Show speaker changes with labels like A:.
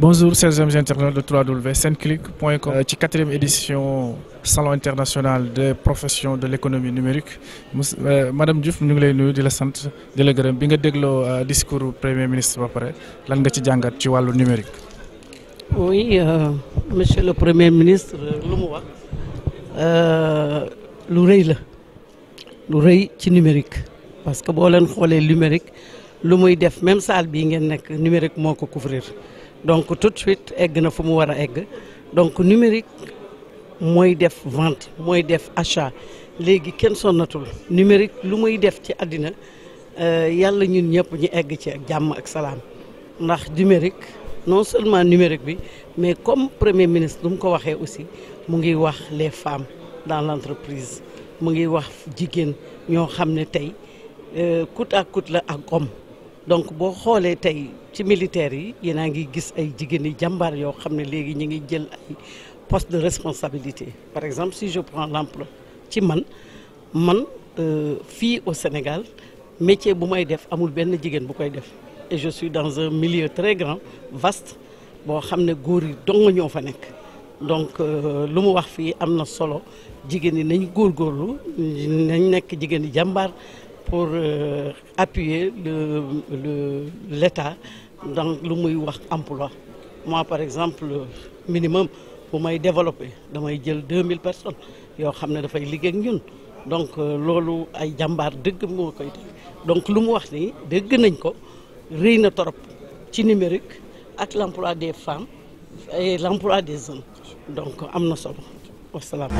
A: Bonjour, chers amis internautes de 3W, Senclic.com. Euh, ci quatrième édition salon international des professions de l'économie numérique euh, madame Diouf ñu ngi lay nuyu di la sant di la gërëm bi nga dégloo euh, discours premier ministre ba pare lan nga ci jàngat ci wàllu numérique.
B: oui euh, monsieur le premier ministre lu mu wax lu rëy la lu rëy ci numérique parce que boo leen xoolee numérique lu muy def même salle bii ngeen nekk numérique moo ko couvrir. donc tout de suite egg na fu mu war a egg donc numérique mooy def vente mooy def achat léegi kenn sonnatul numérique lu muy def ci àddina euh, yàlla ñun ñëpp ñu egg ci ak jàmm ak salaam ndax numérique non seulement numérique bi mais comme premier ministre lu mu ko waxee aussi mu ngi wax les femmes dans l'entreprise mu ngi wax jigéen ñoo xam ne tey euh, coûte à coûte la ak homme donc boo xoolee tey ci militaire yi yéen a ngi gis ay jigéen yi jàmbaar yoo xam ne léegi ñu ngi jël ay poste de responsabilité par exemple si je prends l'emploi ci man man euh, fii au Sénégal métier bu may def amul benn jigéen bu koy def et je suis dans un milieu très grand vaste boo xam ne góor yi dong ñoo fa nekk donc euh, lu mu wax fii am na solo jigéen yi nañ góorlu nañ nekk jigéen yi jàmbaar pour euh, appuyer le le donc lu muy wax emploi moi par exemple minimum bu may développer damay jël deux mille personnes yoo xam ne dafay liggéey ak ñun donc euh, loolu ay jàmbaar dëgg moo koy def donc lu mu wax nii dégg nañ ko rëy na torop ci numérique ak l'emploi des femmes et l'emploi des hommes donc am na solo wasalaam